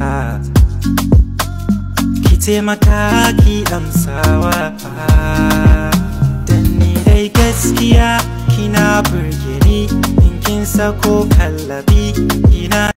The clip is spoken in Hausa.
ha ki taimaka ki amsawa dan dai gaskiya kina burgeni in kin sako kallabi ina